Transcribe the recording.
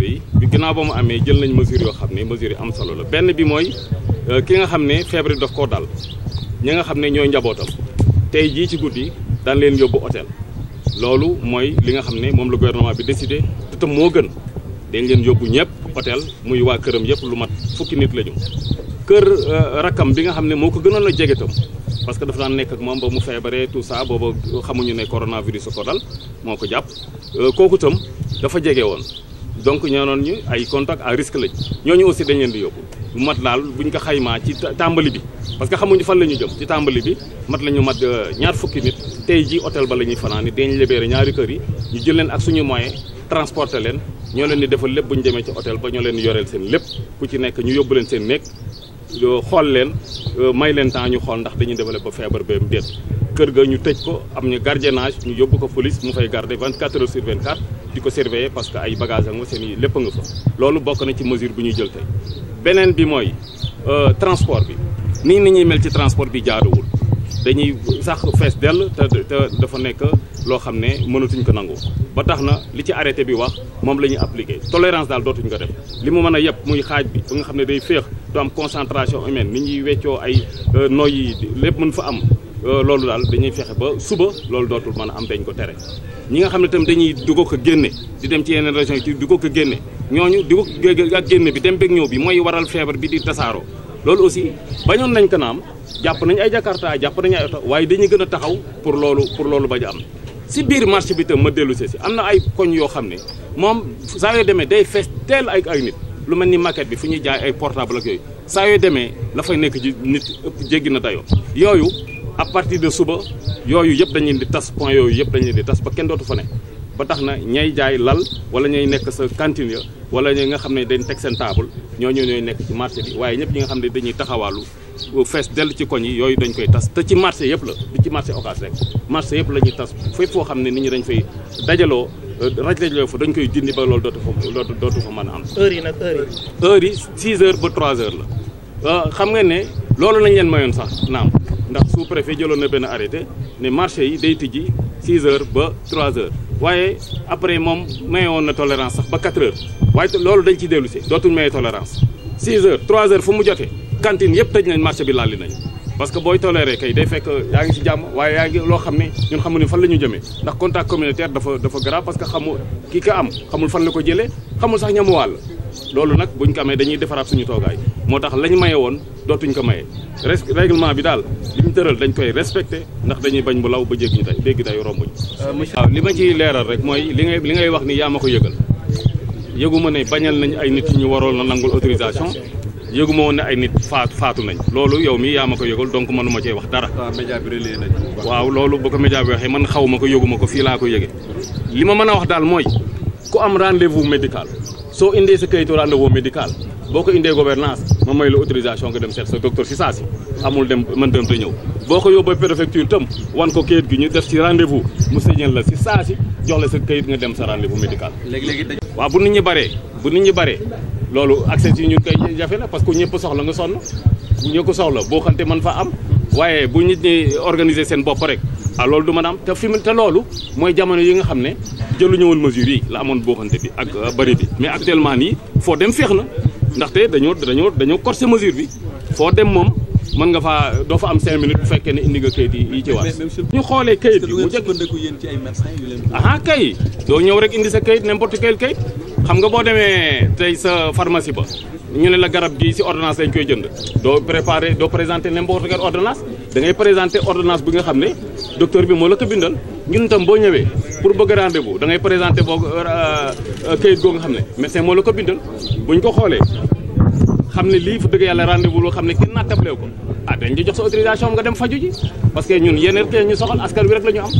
bi yi ginnaaw ba mu amee jël nañ mesures yoo xam ne mesures yi am solo la benn bi mooy euh, ki nga xam ne feebar daf koo dal ñi nga xam ne ñooy njabootam tey jii ci guddi daan leen yóbbu otel loolu mooy li nga xam ne moom lu gouvernement bi décidé te tam moo gën dañ leen yóbbu ñëpp hôtel muy waa këram yëpp lu mat fukki nit la kër euh, rakkam bi nga xam ne moo ko gënoon a jege tam parce que dafa daan nekk ak moom ba mu feebaree tout ça booba xamuñu ne coronavirus ko dal moo ko jàpp euh, kooku tam dafa jege woon donc ñoonoon ñu ay contact à risque lañ ñooñu aussi dañ leen di yóbbu bu mat daal buñ ko xaymaa ci tàmbali bi parce que xamuñu fan la ñu jëm ci tàmbali bi mat la ñu mat euh, ñaar fukki nit tey ji hôtel ba lañuy fanaan ni dañ libéré ñaari kër yi ñu jël leen ak suñu moyen transporter leen ñoo leen di defal lépp bu ñu demee ci hôtel ba ñoo leen di yoreel seen lépp ku ci nekk ñu yóbbu leen seen nekk xool leen may leen temps ñu xool ndax dañuy développé feebar ba mu déet kër ga ñu tëj ko am ñu gardiennage ñu yóbbu ko police mu fay garder 24 heures sur 24 di ko surveiller parce que ay bagages ak ma seen i lépp nga fa loolu bokk na ci mesure bu ñuy jël tey beneen bi mooy euh, transport bi nii ni ñuy mel ci transport bi jaaduwul. dañuy sax fees dell te te dafa nekk loo xam ne mënatuñ ko nangu ba tax na li ci arrêté bi wax moom la ñuy appliqué tolérance daal dootuñ ko dem li mu mën a yëpp muy xaaj bi ba nga xam ne day féex du am concentration humaine nit ñuy weccoo ay euh, noy lépp mën fa am euh, loolu daal dañuy fexe ba suba loolu dootul mën a am dañ ko tere ñi nga xam ne tam dañuy dugg ko génne di dem ci yeneen région yi ci dugg ko génne ñooñu dugg ak génne bi dem bég ñëw bi mooy waral feebar bi di tasaaroo loolu aussi bañoon nañ ko naam jàpp nañ ay jakarta jàpp nañ ay oto waaye dañuy gën a taxaw pour loolu pour loolu bañ a am si biir marché bi tam ma dellu si am na ay koñ yoo xam ne moom saa yoo demee day fees teel ak ay nit lu mel ni maquette bi fu ñuy jaay ay portable ak yooyu saa yoo demee la fay nekk ji nit ëpp jéggi na dayoo yooyu à partir de suba yooyu yëpp dañuy di tas point yooyu yëpp dañuy di tas ba kenn dootu fa ne ba tax na ñay jaay lal wala ñay nekk sa cantine wala nga xam ne dañ teg seen table ñoo ñooy nekk ci marché bi waaye ñëpp ñi nga xam ne dañuy taxawaalu fees dell ci koñ yi yooyu dañ koy tas te ci marché yëpp la du ci marché Ocass rek marché yëpp la ñuy tas fépp foo xam ne ni ñu dañ fay dajaloo euh, raj dajaloo fa dañ koy dindi ba loolu dootu fa dootu fa mën a am. heure yi nag heure yi. heure yi ba 3 heures la euh, xam nga ne loolu lañ leen mayoon sax naam ndax sous-préfet jëloon na benn arrêté ne marché yi day tijji 6 heures ba 3 heures waaye après moom mayoon na tolérance sax ba 4 waaye loolu dañ ci dellu si dootul maye tolérance 6 heures 3 heures fu mu jotee cantine yëpp tëj nañ marché bi laal li nañu parce que booy toléré kay day fekk yaa ngi si jàmm waaye yaa ngi loo xam ne ñun xamuñu fan la ñu jëmee ndax contact communautaire dafa dafa grave parce que xamu ki ka am xamul fan la ko jëlee xamul sax ñamu wàll loolu nag buñ ko amee dañuy defaraat suñu toogaay moo tax la ñu maye woon dootuñ ko maye règlement bi daal tëral dañ koy respecté ndax dañuy bañ bu law ba jéggi ñu tey dégg day rombuñ euh, waaw li ma ciy leeral rek mooy li ngay li wax ni yaa ma ko yëgal yëguma ne bañal nañ ay nit ñu waroon na nangul autorisation yëguma woon ne ay nit faatu faatu nañ loolu yow mi yaa ma ko yëgul donc mënuma cee wax dara. waaw média bi relayé nañ waaw loolu boo ko média bi waxee man xawuma ko yëguma ko fii laa ko yëge li ma mën a wax daal mooy ku am rendez-vous médical soo indee sa kayitu rendez-vous médical boo ko indee gouvernance ma may la autorisation nga dem seet sa docteur si saa si amul dem man dem te ñëw boo ko yóbbee préfecture tam wan ko kayit gi ñu def ci rendez-vous mu sëñal la si saa si jox sa kayit nga dem sa rendez médical léegi léegi waaw bu nit ñi baree bu nit ñi baree loolu accès yi ñun koy jafe na parce que ñëpp soxla nga sonn ñoo ko soxla boo xamte mën fa am waaye bu nit ñi organiser seen bopp rek ah loolu du mën a am te fi mu te loolu mooy jamono yi nga xam ne jëluñu woon mesures yi la amoon boo xamte bi ak euh, bëri bi mais actuellement nii foo dem feex na ndaxte dañoo dañoo dañoo corser mesure bi foo dem moom mën nga faa doo fa am cinq minutes bu fekkee ne indi nga kayit yi ci war ñu xoolee kayit yi mu jëkk aha kay doo ñëw rek indi sa kayit n'importe quel kayit xam nga boo demee tey sa pharmacie ba ñu ne la garab gi si ordonnance sañ koy jënd doo préparer doo présenter n'importe quelle ordonnance da dangay présenter ordonnance bi nga xam ne docteur bi moo la ko bindal ñun tam boo ñëwee pour bëgg rendez-vous da ngay présenter boo euh, euh, kayit goo nga xam ne médecin moo la ko bindal buñ ko xoolee xam ne lii fu dëgg yàlla rendez-vous loo xam ne kenn naa tablew ko ah dañ di jox sa autorisation nga dem faju ji parce que ñun yéen rek ñu soxal askan wi rek la ñu am